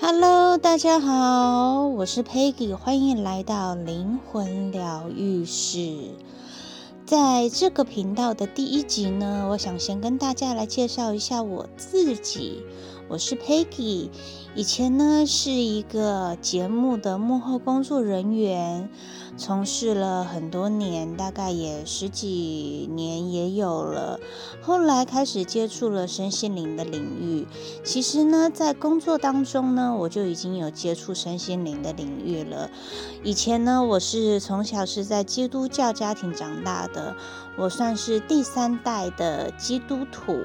Hello，大家好，我是 Peggy，歡迎來到靈魂療癒室。在這個頻道的第一集呢，我想先跟大家來介紹一下我自己。我是 Peggy，以前呢是一個節目的幕後工作人員，從事了很多年，大概也十幾年也有了。後來開始接觸了身心靈的領域。其實呢，在工作當中呢，我就已經有接觸身心靈的領域了。以前呢，我是從小是在基督教家庭長大的，我算是第三代的基督徒，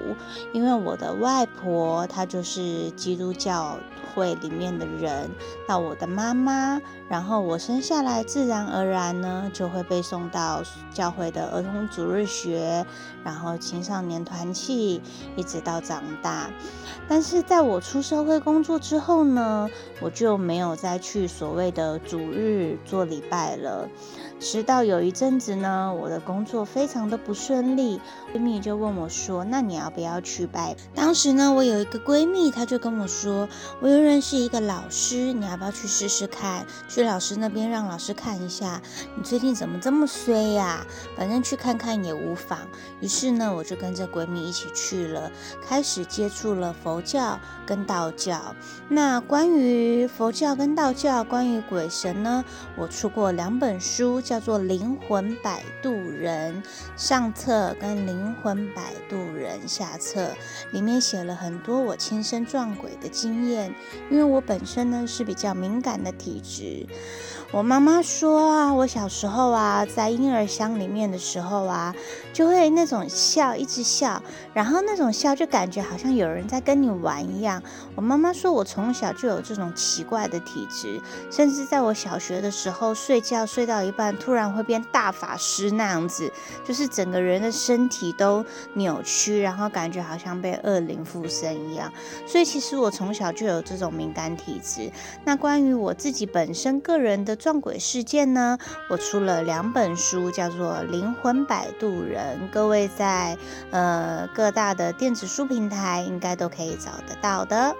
因為我的外婆她就是。是基督教會裡面的人，到我的媽媽，然後我生下來，自然而然呢，就會被送到教會的兒童主日學，然後青少年團契，一直到長大。但是在我出社會工作之後呢，我就沒有再去所謂的主日做禮拜了。直到有一陣子呢，我的工作非常的不順利，閨蜜就問我說：“那你要不要去拜？”當時呢，我有一個閨蜜。他就跟我說：“我又認識一個老師，你要不要去試試看？去老師那邊讓老師看一下，你最近怎麼這麼衰呀？反正去看看也無妨。”於是呢，我就跟着閨蜜一起去了，開始接觸了佛教跟道教。那關於佛教跟道教，關於鬼神呢，我出過兩本書，叫做《靈魂擺渡人》上冊跟《靈魂擺渡人》下冊，裡面寫了很多我親身。撞鬼的經驗，因為我本身呢是比較敏感的體質。我媽媽說啊，我小時候啊，在嬰兒箱裡面的時候啊，就會那種笑，一直笑，然後那種笑就感覺好像有人在跟你玩一樣。我媽媽說我從小就有這種奇怪的體質，甚至在我小學的時候睡覺睡到一半，突然會變大法師那樣子，就是整個人的身體都扭曲，然後感覺好像被惡靈附身一樣。所以其實我從小就有這種敏感體質。那關於我自己本身個人的撞鬼事件呢，我出了兩本書，叫做《靈魂擺渡人》，各位在呃各大的電子書平台應該都可以找得到的。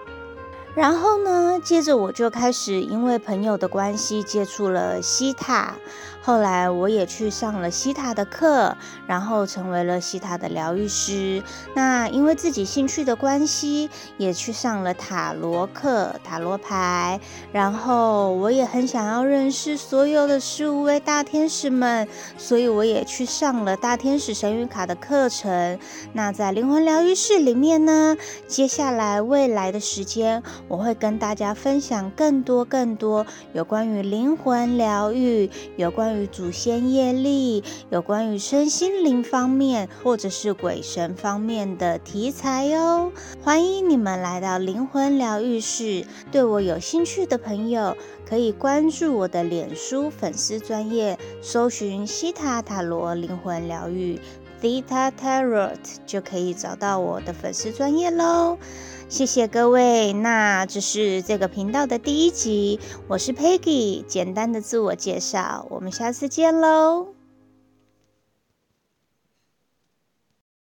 然後呢，接着我就開始因為朋友的關係接觸了西塔，後來我也去上了西塔的課，然後成為了西塔的療癒師。那因為自己興趣的關係，也去上了塔羅課、塔羅牌。然後我也很想要認識所有的十五位大天使們，所以我也去上了大天使神諭卡的課程。那在靈魂療癒室裡面呢，接下來未來的時間，我會跟大家分享更多更多有關於靈魂療癒、有關於祖先業力、有關於身心靈方面或者是鬼神方面的題材哦。歡迎你們來到靈魂療癒室，對我有興趣的朋友可以關注我的臉書粉絲專頁，搜尋西塔塔羅靈魂療癒。Dita Tarot 就可以找到我的粉絲專業嘍，謝謝各位，那這是這個頻道的第一集，我是 Peggy，簡單的自我介紹，我們下次見嘍。